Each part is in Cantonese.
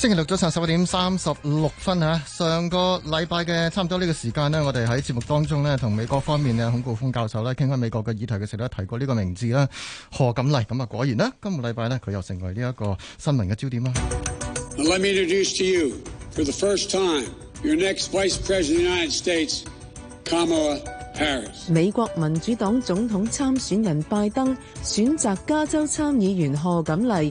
星期六早上十一點三十六分吓，啊，上個禮拜嘅差唔多呢個時間咧，我哋喺節目當中咧，同美國方面嘅孔誥烽教授咧，傾翻美國嘅議題嘅時候咧，提過呢個名字啦，賀錦麗。咁啊，果然啦，今個禮拜咧，佢又成為呢一個新聞嘅焦點啦。Let me introduce to you, for the first time, your next Vice President of the United States, Kamala Harris. 美國民主黨總統參選人拜登選擇加州參議員賀錦麗。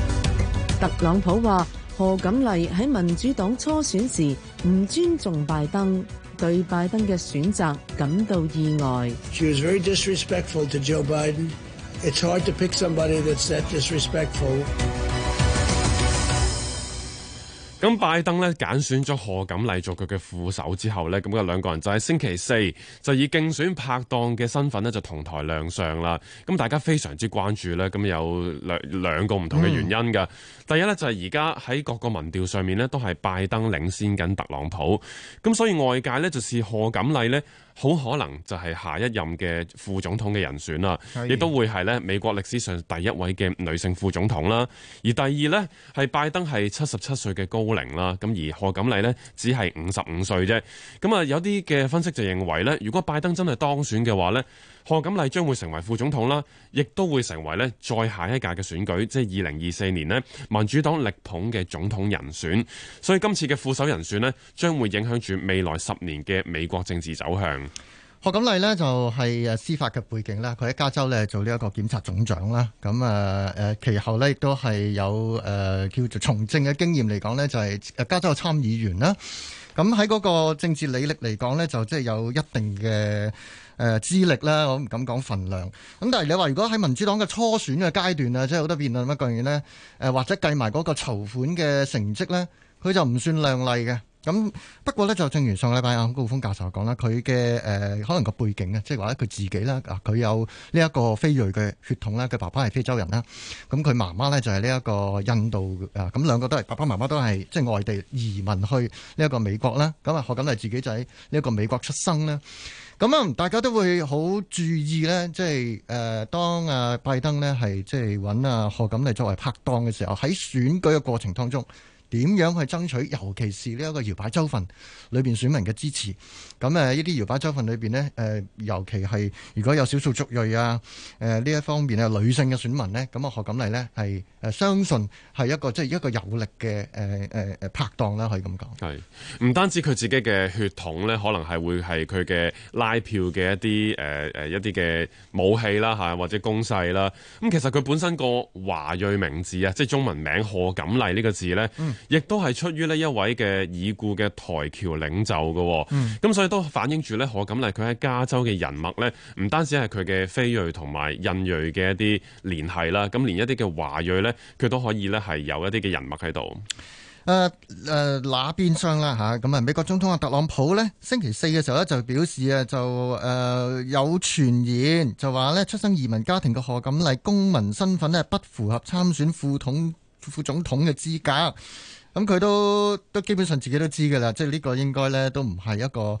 特朗普話：賀錦麗喺民主黨初選時唔尊重拜登，對拜登嘅選擇感到意外。She was very disrespectful to Joe Biden. It's hard to pick somebody that's that disrespectful. 咁拜登呢，揀選咗賀錦麗做佢嘅副手之後呢，咁嘅兩個人就喺星期四就以競選拍檔嘅身份呢，就同台亮相啦。咁大家非常之關注呢，咁有兩兩個唔同嘅原因㗎、嗯。第一呢，就係而家喺各個民調上面呢都係拜登領先緊特朗普，咁所以外界呢，就是賀錦麗呢。好可能就係下一任嘅副總統嘅人選啦，亦都會係咧美國歷史上第一位嘅女性副總統啦。而第二呢，係拜登係七十七歲嘅高齡啦。咁而賀錦麗呢，只係五十五歲啫。咁啊有啲嘅分析就認為呢，如果拜登真係當選嘅話呢。賀錦麗將會成為副總統啦，亦都會成為咧再下一屆嘅選舉，即係二零二四年咧民主黨力捧嘅總統人選。所以今次嘅副手人選咧，將會影響住未來十年嘅美國政治走向。賀錦麗呢就係誒司法嘅背景啦，佢喺加州咧做呢一個檢察總長啦。咁啊誒其後呢亦都係有誒、呃、叫做從政嘅經驗嚟講呢就係、誒、加州嘅參議員啦。咁喺嗰個政治履歷嚟講呢就即係有一定嘅。誒、呃、資力啦，我唔敢講份量。咁但係你話，如果喺民主黨嘅初選嘅階段啊，即係好多辯論乜然呢，誒或者計埋嗰個籌款嘅成績呢，佢就唔算靚麗嘅，咁不過咧就正如上禮拜阿高峰教授講啦，佢嘅誒可能個背景咧，即係話咧佢自己啦，佢有呢一個非裔嘅血統啦。佢爸爸係非洲人啦，咁佢媽媽咧就係呢一個印度啊，咁兩個都係爸爸媽媽都係即係外地移民去呢一個美國啦，咁啊賀錦麗自己就喺呢一個美國出生啦，咁啊大家都會好注意咧，即係誒當啊拜登呢，係即係揾啊賀錦麗作為拍檔嘅時候，喺選舉嘅過程當中。點樣去爭取？尤其是呢一個搖擺州份裏邊選民嘅支持。咁誒，呢啲搖擺州份裏面呢，誒、呃，尤其係如果有少數族裔啊，誒、呃、呢一方面啊，女性嘅選民呢，咁啊，賀錦麗呢係誒、呃、相信係一個即係、就是、一個有力嘅誒誒拍檔啦，可以咁講。係唔單止佢自己嘅血統呢，可能係會係佢嘅拉票嘅一啲誒、呃、一啲嘅武器啦嚇，或者攻勢啦。咁、嗯、其實佢本身個華裔名字啊，即係中文名賀錦麗呢個字呢。嗯亦都係出於呢一位嘅已故嘅台僑領袖嘅，咁所以都反映住呢賀錦麗佢喺加州嘅人脈呢，唔單止係佢嘅菲裔同埋印裔嘅一啲聯繫啦，咁連一啲嘅華裔呢，佢都可以呢係有一啲嘅人脈喺度。誒、呃、誒，那、呃、邊廂啦吓，咁啊，美國總統啊，特朗普呢，星期四嘅時候呢，就表示啊，就、呃、誒有傳言就話呢，出生移民家庭嘅賀錦麗公民身份呢，不符合參選副統，副總統嘅資格。咁佢都都基本上自己都知噶啦，即係呢個應該咧都唔係一個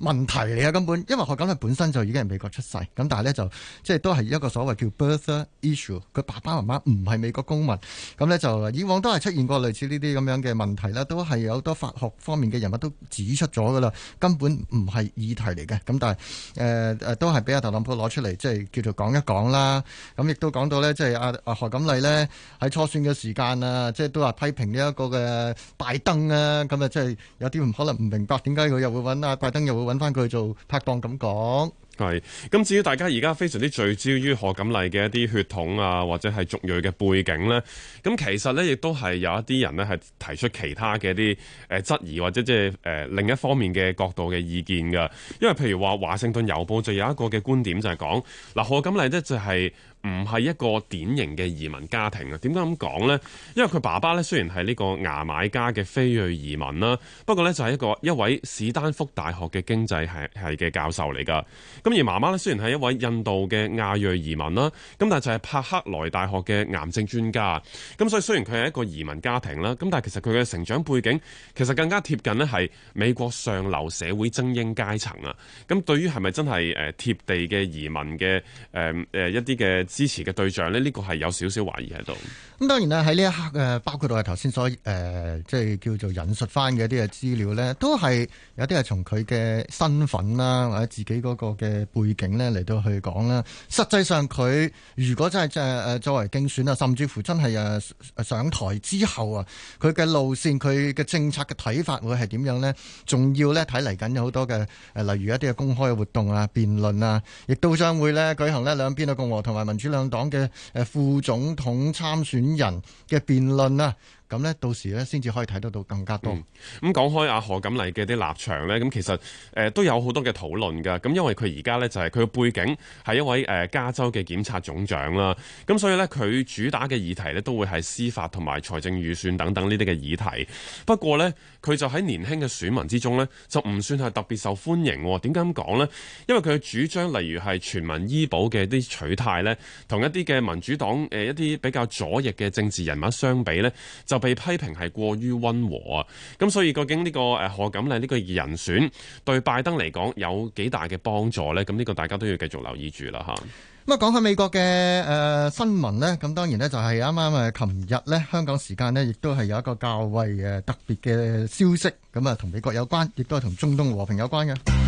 問題嚟嘅根本，因為賀錦麗本身就已經係美國出世，咁但係咧就即係都係一個所謂叫 birther issue，佢爸爸媽媽唔係美國公民，咁咧就以往都係出現過類似呢啲咁樣嘅問題啦，都係有好多法學方面嘅人物都指出咗噶啦，根本唔係議題嚟嘅，咁但係誒誒都係俾阿特朗普攞出嚟，即係叫做講一講啦，咁亦都講到咧，即係阿阿賀錦麗咧喺初選嘅時間啊，即係都話批評呢一個嘅。誒，拜登啊，咁啊，即係有啲唔可能唔明白點解佢又會揾阿拜登，又會揾翻佢做拍檔咁講。係，咁至於大家而家非常之聚焦於賀錦麗嘅一啲血統啊，或者係族裔嘅背景呢，咁其實呢，亦都係有一啲人呢，係提出其他嘅一啲誒質疑，或者即係誒另一方面嘅角度嘅意見噶。因為譬如話華盛頓郵報就有一個嘅觀點就係講，嗱賀錦麗呢，就係、是。唔係一個典型嘅移民家庭啊？點解咁講呢？因為佢爸爸咧雖然係呢個牙買加嘅非裔移民啦，不過咧就係一個一位史丹福大學嘅經濟系係嘅教授嚟㗎。咁而媽媽咧雖然係一位印度嘅亞裔移民啦，咁但係就係柏克萊大學嘅癌症專家。咁所以雖然佢係一個移民家庭啦，咁但係其實佢嘅成長背景其實更加貼近呢係美國上流社會精英階層啊。咁對於係咪真係誒貼地嘅移民嘅誒誒一啲嘅？支持嘅對象呢，呢、呢個係有少少懷疑喺度。咁當然啦，喺呢一刻，包括到係頭先所、呃、即係叫做引述翻嘅一啲嘅資料呢，都係有啲係從佢嘅身份啦，或者自己嗰個嘅背景呢嚟到去講啦。實際上佢如果真係作為競選啊，甚至乎真係上台之後啊，佢嘅路線、佢嘅政策嘅睇法會係點樣呢？仲要呢，睇嚟緊有好多嘅呃，例如一啲嘅公開嘅活動啊、辯論啊，亦都將會呢舉行呢兩邊嘅共和同埋民主兩黨嘅誒副總統參選人嘅辯論啊。咁呢，到時呢先至可以睇得到更加多。咁、嗯嗯、講開阿賀錦麗嘅啲立場呢，咁其實、呃、都有好多嘅討論噶。咁因為佢而家呢，就係佢嘅背景係一位、呃、加州嘅檢察總長啦，咁、啊、所以呢，佢主打嘅議題呢，都會係司法同埋財政預算等等呢啲嘅議題。不過呢，佢就喺年輕嘅選民之中呢，就唔算係特別受歡迎。點解咁講呢？因為佢嘅主張例如係全民醫保嘅啲取態呢，同一啲嘅民主黨、呃、一啲比較左翼嘅政治人物相比呢，就被批評係過於温和啊，咁所以究竟呢個賀錦麗呢個人選對拜登嚟講有幾大嘅幫助呢？咁呢個大家都要繼續留意住啦嚇。咁啊，講起美國嘅、呃、新聞呢，咁當然呢就係啱啱誒琴日呢，香港時間呢亦都係有一個較為特別嘅消息，咁啊同美國有關，亦都係同中東和平有關嘅。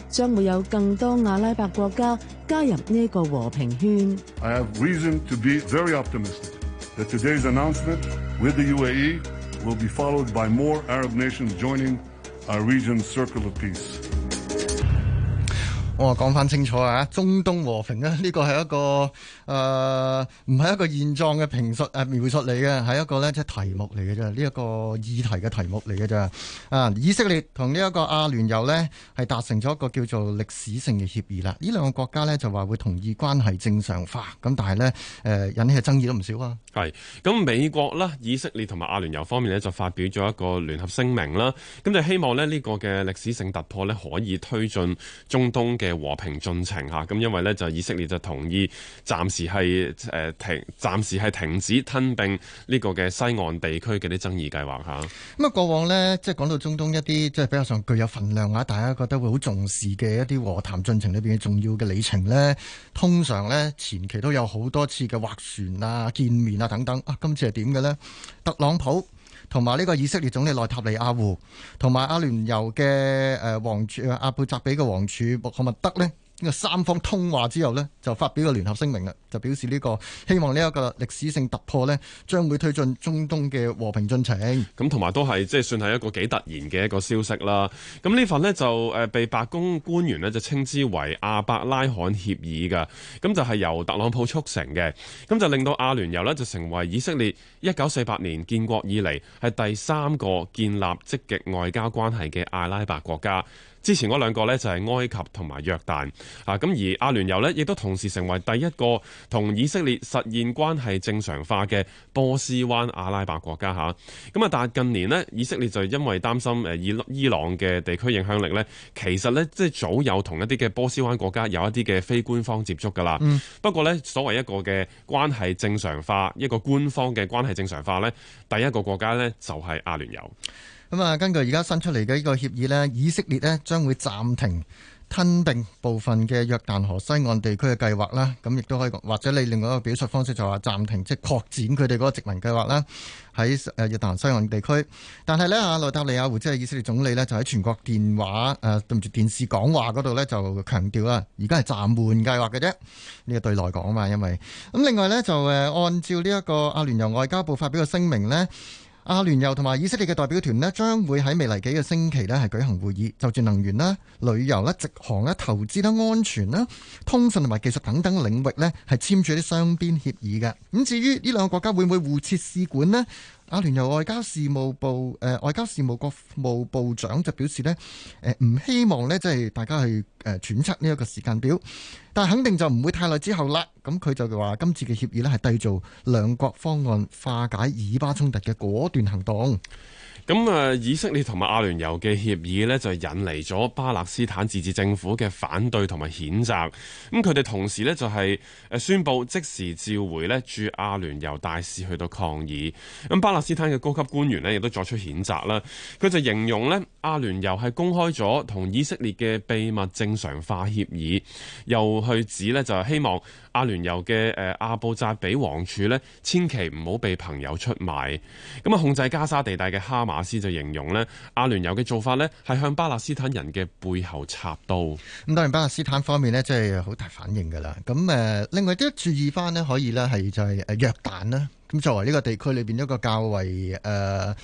將會有更多阿拉伯國家加入呢個和平圈。我講返清楚啊，中東和平咧，呢、這個係一個誒唔係一個現狀嘅評述誒、呃、描述嚟嘅，係一個咧即係題目嚟嘅啫，呢、這、一個議題嘅題目嚟嘅啫。啊，以色列同呢一個阿聯酋呢係達成咗一個叫做歷史性嘅協議啦，呢兩個國家咧就話會同意關係正常化，咁但係呢誒、呃、引起嘅爭議都唔少啊。係，咁美國啦、以色列同埋阿聯酋方面呢就發表咗一個聯合聲明啦，咁就希望呢呢個嘅歷史性突破呢可以推進中東嘅和平進程嚇，咁因為呢就以色列就同意暫時係停，暫時係停止吞併呢個嘅西岸地區嘅啲爭議計劃嚇。咁啊過往呢，即係講到中東一啲即係比較上具有份量啊，大家覺得會好重視嘅一啲和談進程裏面嘅重要嘅里程呢，通常呢，前期都有好多次嘅划船啊、見面、啊。啊，等等啊，今次係點嘅咧？特朗普同埋呢個以色列總理內塔尼亞胡，同埋阿聯酋嘅誒、呃、王儲阿布扎比嘅王儲穆罕默德咧？呢三方通話之後呢就發表個聯合聲明啊，就表示呢、呢個希望呢一個歷史性突破咧，將會推進中東嘅和平進程。咁同埋都係即係算係一個幾突然嘅一個消息啦。咁呢份呢就誒被白宮官員咧就稱之為阿伯拉罕協議嘅，咁就係由特朗普促成嘅，咁就令到阿聯酋呢就成為以色列一九四八年建國以嚟係第三個建立積極外交關係嘅阿拉伯國家。之前嗰兩個咧就係埃及同埋約旦啊，咁而阿聯酋呢，亦都同時成為第一個同以色列實現關係正常化嘅波斯灣阿拉伯國家嚇。咁啊，但近年呢，以色列就因為擔心伊伊朗嘅地區影響力呢，其實呢，即係早有同一啲嘅波斯灣國家有一啲嘅非官方接觸噶啦、嗯。不過呢，所謂一個嘅關係正常化，一個官方嘅關係正常化呢，第一個國家呢，就係阿聯酋。咁啊，根據而家新出嚟嘅呢個協議呢，以色列呢將會暫停吞併部分嘅約旦河西岸地區嘅計劃啦。咁亦都可以講，或者你另外一個表述方式就係話暫停，即係擴展佢哋嗰個殖民計劃啦，喺誒約旦西岸地區。但係呢，阿內塔尼亞胡即係以色列總理呢就喺全國電話誒對唔住電視講話嗰度呢，就強調啦，而家係暫緩計劃嘅啫。呢個對內港啊嘛，因為咁另外呢，就按照呢一個阿聯酋外交部發表嘅聲明呢。阿聯酋同埋以色列嘅代表團咧，將會喺未來幾個星期咧係舉行會議，就住能源啦、旅遊啦、直航啦、投資啦、安全啦、通信同埋技術等等領域咧係簽署啲雙邊協議嘅。咁至於呢兩個國家會唔會互設使館呢？阿聯酋外交事務部誒，外交事務國務部長就表示呢，誒，唔希望呢即係大家去誒揣測呢一個時間表，但係肯定就唔會太耐之後啦。咁佢就話今次嘅協議呢，係締造兩國方案化解以巴衝突嘅果斷行動。咁啊，以色列同埋阿聯酋嘅協議呢，就引嚟咗巴勒斯坦自治政府嘅反對同埋譴責。咁佢哋同時呢，就係誒宣布即時召回呢駐阿聯酋大使去到抗議。咁巴勒斯坦嘅高級官員呢，亦都作出譴責啦。佢就形容呢，阿聯酋係公開咗同以色列嘅秘密正常化協議，又去指呢，就係希望。阿聯酋嘅誒阿布扎比王儲咧，千祈唔好被朋友出賣。咁啊，控制加沙地帶嘅哈馬斯就形容咧，阿聯酋嘅做法咧係向巴勒斯坦人嘅背後插刀。咁當然巴勒斯坦方面咧，即係好大反應㗎啦。咁誒，另外都注意翻咧，可以咧係就係誒約旦啦。咁作為呢個地區裏邊一個較為誒。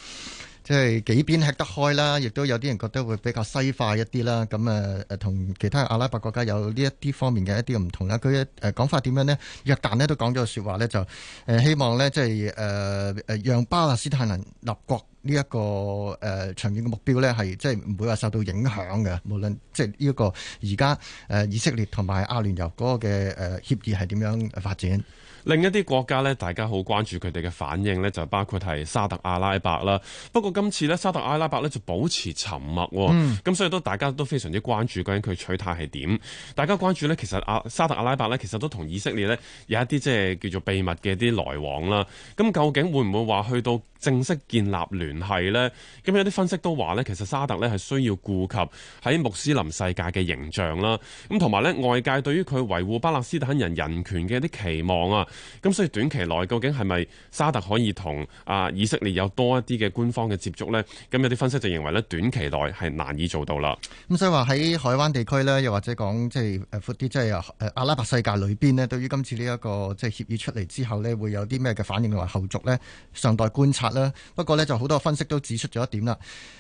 即係幾邊吃得開啦，亦都有啲人覺得會比較西化一啲啦。咁誒誒，同其他阿拉伯國家有呢一啲方面嘅一啲唔同啦。佢誒講法點樣呢？約旦呢都講咗說話呢，就誒希望呢，即係誒誒，讓巴勒斯坦人立國呢一個誒長遠嘅目標呢，係即係唔會話受到影響嘅。無論即係呢一個而家誒以色列同埋阿聯酋嗰個嘅誒協議係點樣發展。另一啲國家呢，大家好關注佢哋嘅反應呢，就包括係沙特阿拉伯啦。不過今次呢，沙特阿拉伯呢就保持沉默。咁、嗯、所以都大家都非常之關注究竟佢取態係點。大家關注呢，其實阿沙特阿拉伯呢其實都同以色列呢有一啲即係叫做秘密嘅啲來往啦。咁究竟會唔會話去到正式建立聯繫呢？咁有啲分析都話呢，其實沙特呢係需要顧及喺穆斯林世界嘅形象啦。咁同埋呢，外界對於佢維護巴勒斯坦人人權嘅一啲期望啊～咁所以短期內究竟係咪沙特可以同啊以色列有多一啲嘅官方嘅接觸呢？咁有啲分析就認為咧，短期內係難以做到啦。咁所以話喺海灣地區呢，又或者講即係誒闊啲，即係啊阿拉伯世界裏邊呢，對於今次呢一個即係協議出嚟之後呢，會有啲咩嘅反應同埋後續呢？尚待觀察啦。不過呢，就好多分析都指出咗一點啦。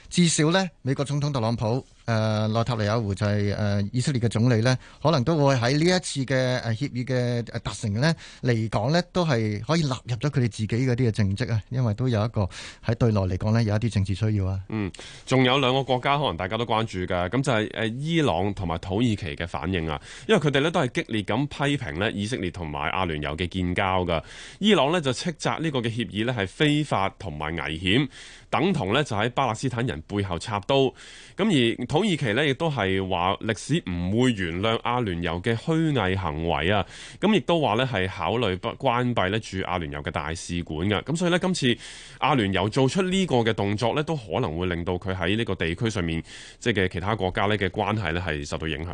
至少呢，美國總統特朗普、誒、呃、內塔尼亞胡就係、是、誒、呃、以色列嘅總理呢，可能都會喺呢一次嘅誒協議嘅達、呃、成呢嚟講呢，都係可以納入咗佢哋自己嗰啲嘅政績啊，因為都有一個喺對內嚟講呢，有一啲政治需要啊。嗯，仲有兩個國家可能大家都關注噶，咁就係誒伊朗同埋土耳其嘅反應啊，因為佢哋呢都係激烈咁批評呢以色列同埋阿聯酋嘅建交噶。伊朗呢就斥責呢個嘅協議呢係非法同埋危險。等同咧就喺巴勒斯坦人背後插刀，咁而土耳其呢，亦都係話歷史唔會原諒阿聯酋嘅虛偽行為啊，咁亦都話呢，係考慮不關閉呢駐阿聯酋嘅大使館嘅，咁所以呢，今次阿聯酋做出呢個嘅動作呢，都可能會令到佢喺呢個地區上面即係嘅其他國家呢嘅關係呢，係受到影響。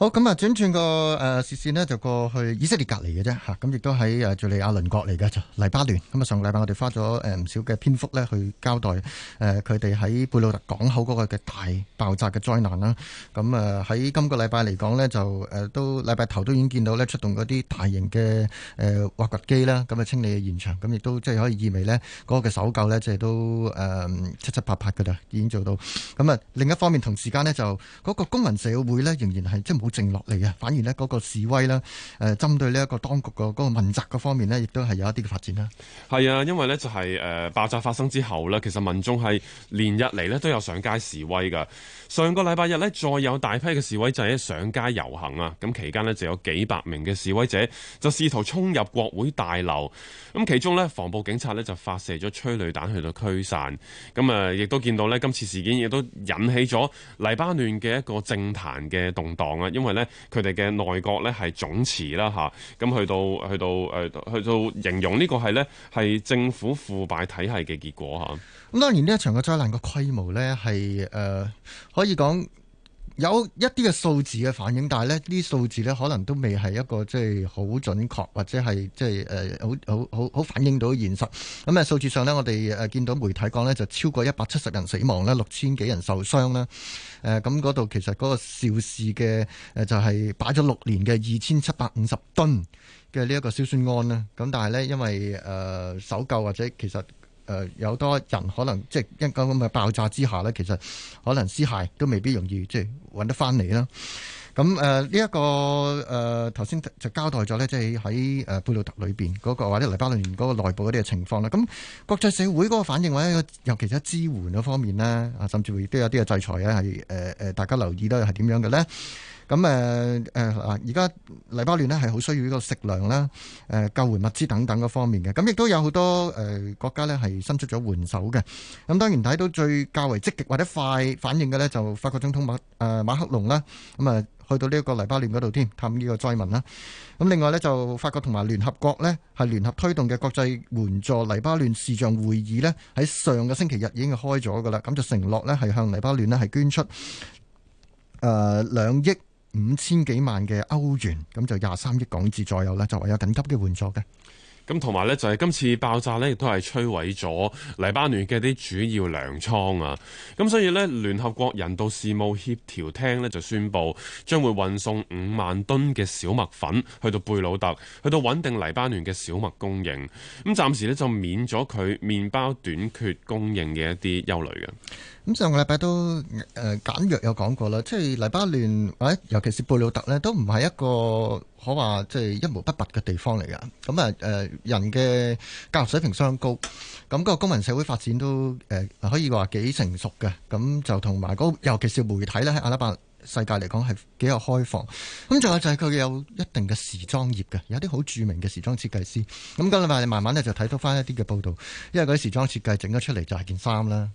好咁啊，轉轉個誒、呃、視線呢，就過去以色列隔籬嘅啫嚇，咁、啊、亦都喺誒敘利亞鄰國嚟嘅就是、黎巴嫩。咁啊，上個禮拜我哋花咗誒唔少嘅篇幅呢，去交代誒佢哋喺貝魯特港口嗰個嘅大爆炸嘅災難啦。咁啊，喺、啊、今個禮拜嚟講呢，就誒都禮拜頭都已經見到呢，出動嗰啲大型嘅誒、呃、挖掘機啦，咁啊清理嘅現場。咁、啊、亦都即係可以意味呢嗰、嗰個嘅搜救呢，即係都誒、呃、七七八八㗎啦，已經做到。咁啊，另一方面同時間呢，就嗰、嗰個公民社會呢，仍然係即係冇，靜落嚟嘅，反而呢嗰個示威咧，誒、呃，針對呢一個當局個嗰個問責嗰方面呢，亦都係有一啲嘅發展啦。係啊，因為呢就係誒爆炸發生之後咧，其實民眾係連日嚟呢都有上街示威噶。上個禮拜日呢，再有大批嘅示威者就上街遊行啊。咁期間呢，就有幾百名嘅示威者就試圖衝入國會大樓。咁其中呢，防暴警察呢就發射咗催淚彈去到驅散。咁啊，亦都見到呢今次事件亦都引起咗黎巴嫩嘅一個政壇嘅動盪啊。因為咧，佢哋嘅內閣咧係總辭啦嚇，咁去到去到，呃、去到形容呢個係咧係政府腐敗體系嘅結果嚇。咁當然呢一場嘅災難個規模咧係，呃、可以講。有一啲嘅數字嘅反映，但係呢啲數字呢，可能都未係一個即係好準確，或者係即係誒好好好好反映到現實。咁、嗯、啊數字上呢，我哋誒見到媒體講呢，就超過一百七十人死亡啦，六千幾人受傷啦。誒咁嗰度其實嗰個肇事嘅誒就係、是、擺咗六年嘅二千七百五十噸嘅呢一個硝酸銨啦。咁、嗯、但係呢，因為誒搜救或者其實。誒、呃、有多人可能即係一嚿咁嘅爆炸之下呢，其實可能屍骸都未必容易即係揾得翻嚟啦。咁誒呢一個誒頭先就交代咗呢，即係喺誒貝魯特裏邊嗰、嗰個或者黎巴嫩嗰個內部嗰啲嘅情況啦。咁、嗯、國際社會嗰個反應或者尤其是支援嗰方面呢，啊甚至會都有啲嘅制裁咧、呃，大家留意都係點樣嘅呢？咁誒誒嗱，而家黎巴嫩咧係好需要呢個食糧啦，誒救援物資等等嗰方面嘅。咁亦都有好多誒國家咧係伸出咗援手嘅。咁當然睇到最較為積極或者快反應嘅咧，就法國總統馬誒馬克龍啦，咁啊去到呢個黎巴嫩嗰度添探呢個災民啦。咁另外咧就法國同埋聯合國咧係聯合推動嘅國際援助黎巴嫩視像會議咧，喺上個星期日已經開咗噶啦。咁就承諾咧係向黎巴嫩咧係捐出誒兩億五千幾萬嘅歐元，咁就廿三億港元左右咧，作為有緊急嘅援助嘅。咁同埋呢，就係、是，今次爆炸呢，亦都係摧毀咗黎巴嫩嘅啲主要糧倉啊。咁所以呢，聯合國人道事務協調廳呢，就宣佈，將會運送五萬噸嘅小麥粉去到貝魯特，去到穩定黎巴嫩嘅小麥供應。咁暫時呢，就免咗佢麵包短缺供應嘅一啲憂慮嘅。咁上個禮拜都誒、呃、簡約有講過啦，即係黎巴嫩，或者尤其是貝魯特咧，都唔係一個可話即係一毛不拔嘅地方嚟㗎。咁、呃、啊人嘅教育水平相當高，咁、那個公民社會發展都、呃、可以話幾成熟嘅。咁就同埋嗰尤其是媒體咧，喺阿拉伯世界嚟講係幾有開放。咁仲有就係佢有一定嘅時裝業嘅，有啲好著名嘅時裝設計師。咁今禮拜你慢慢咧就睇到翻一啲嘅報導，因為嗰啲時裝設計整咗出嚟就係件衫啦。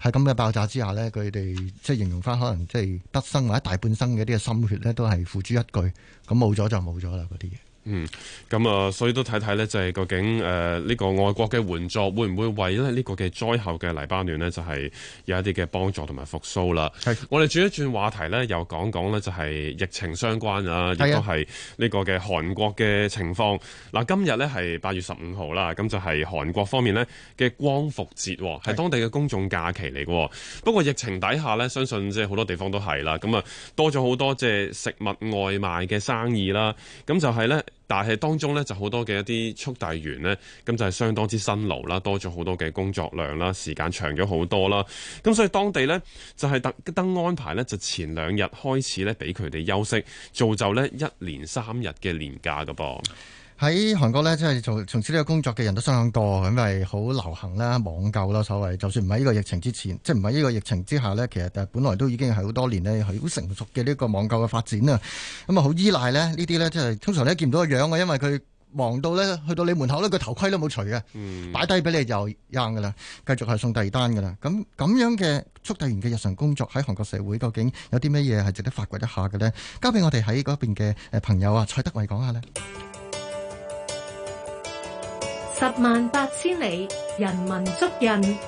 喺咁嘅爆炸之下呢，佢哋即係形容翻，可能即係畢生或者大半生嘅一啲嘅心血呢，都係付諸一炬，咁冇咗就冇咗啦，嗰啲嘢。嗯，咁啊，所以都睇睇咧，就係、是、究竟誒呢、呃這個外國嘅援助會唔會為咧呢個嘅災後嘅黎巴嫩呢，就係、是、有一啲嘅幫助同埋復蘇啦。係，我哋轉一轉話題呢，又講講呢，就係疫情相關啊，亦都係呢個嘅韓國嘅情況。嗱，今日呢係八月十五號啦，咁就係韓國方面呢嘅光復節，係當地嘅公眾假期嚟喎。不過疫情底下呢，相信即係好多地方都係啦，咁啊多咗好多即係食物外賣嘅生意啦，咁就係呢。但係當中呢，就好多嘅一啲速遞員呢，咁就係相當之辛勞啦，多咗好多嘅工作量啦，時間長咗好多啦。咁所以當地呢，就係特登安排呢，就前兩日開始呢，俾佢哋休息，造就呢一年三日嘅年假噶噃。喺韓國呢，即係從從此呢個工作嘅人都相當多，咁係好流行啦，網購啦，所謂就算唔喺呢個疫情之前，即係唔喺呢個疫情之下呢，其實本來都已經係好多年呢，咧，好成熟嘅呢個網購嘅發展啊。咁啊，好依賴呢，呢啲呢，即係通常呢見唔到個樣嘅，因為佢忙到呢，去到你門口呢，個頭盔都冇除啊，嗯，擺低俾你就扔噶啦，繼續係送第二單噶啦。咁咁樣嘅速遞員嘅日常工作喺韓國社會究竟有啲咩嘢係值得發掘一下嘅呢？交俾我哋喺嗰邊嘅誒朋友啊，蔡德偉講下呢。十萬八千里，人文足印。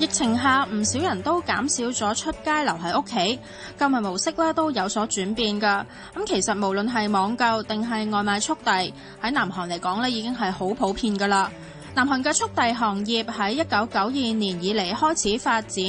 疫情下唔少人都減少咗出街，留喺屋企，購物模式咧都有所轉變㗎。咁其實無論係網購定係外賣速遞，喺南韓嚟講咧已經係好普遍㗎喇。南韓嘅速遞行業喺一九九二年以嚟開始發展，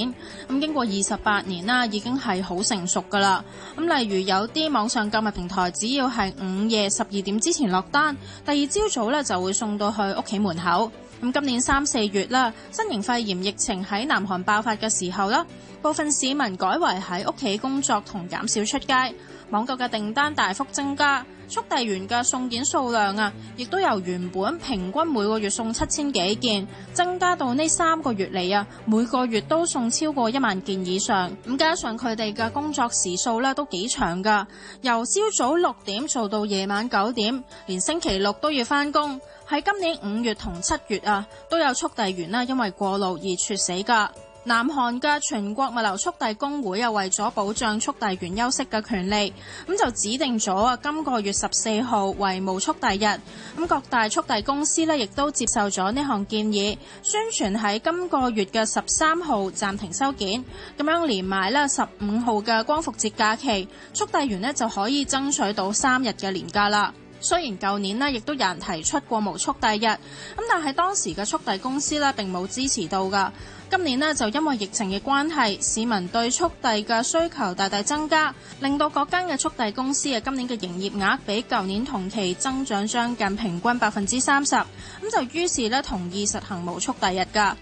咁經過二十八年啦，已經係好成熟㗎啦。咁例如有啲網上購物平台，只要喺午夜十二點之前落單，第二朝早咧就會送到去屋企門口。咁今年三四月啦，新型肺炎疫情喺南韓爆發嘅時候啦，部分市民改為喺屋企工作同減少出街，網購嘅訂單大幅增加。速遞員嘅送件數量啊，亦都由原本平均每個月送七千幾件，增加到呢三個月嚟啊，每個月都送超過一萬件以上。咁加上佢哋嘅工作時數咧都幾長噶，由朝早六點做到夜晚九點，連星期六都要翻工。喺今年五月同七月啊，都有速遞員啦，因為過勞而猝死噶。南韓嘅全國物流速遞工會又為咗保障速遞員休息嘅權利，咁就指定咗啊今個月十四號為無速遞日。咁各大速遞公司呢亦都接受咗呢項建議，宣傳喺今個月嘅十三號暫停收件，咁樣連埋呢十五號嘅光復節假期，速遞員呢就可以爭取到三日嘅年假啦。雖然舊年呢亦都有人提出過無速遞日，咁但係當時嘅速遞公司呢並冇支持到㗎。今年呢，就因為疫情嘅關係，市民對速遞嘅需求大大增加，令到各間嘅速遞公司嘅今年嘅營業額比舊年同期增長將近平均百分之三十。咁就於是呢，同意實行無速遞日㗎。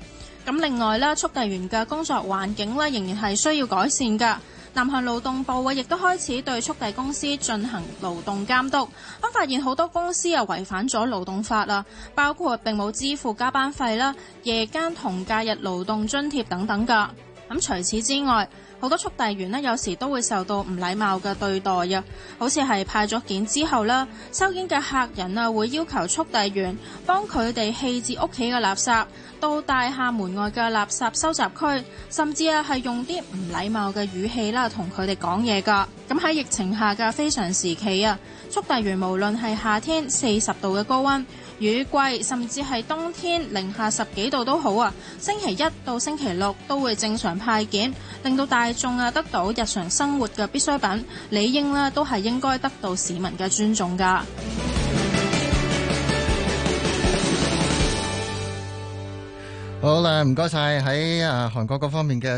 咁另外呢，速遞員嘅工作環境呢，仍然係需要改善㗎。南韓勞動部啊，亦都開始對速遞公司進行勞動監督，我發現好多公司又違反咗勞動法啦，包括並冇支付加班費啦、夜間同假日勞動津貼等等㗎。咁除此之外，好多速遞員呢，有時都會受到唔禮貌嘅對待啊！好似係派咗件之後呢，收件嘅客人啊，會要求速遞員幫佢哋棄置屋企嘅垃圾到大廈門外嘅垃圾收集區，甚至啊係用啲唔禮貌嘅語氣啦，同佢哋講嘢㗎。咁喺疫情下嘅非常時期啊，速遞員無論係夏天四十度嘅高溫。雨季甚至係冬天零下十幾度都好啊，星期一到星期六都會正常派件，令到大眾啊得到日常生活嘅必需品，理應咧都係應該得到市民嘅尊重噶。好啦，唔該晒喺啊韓國各方面嘅。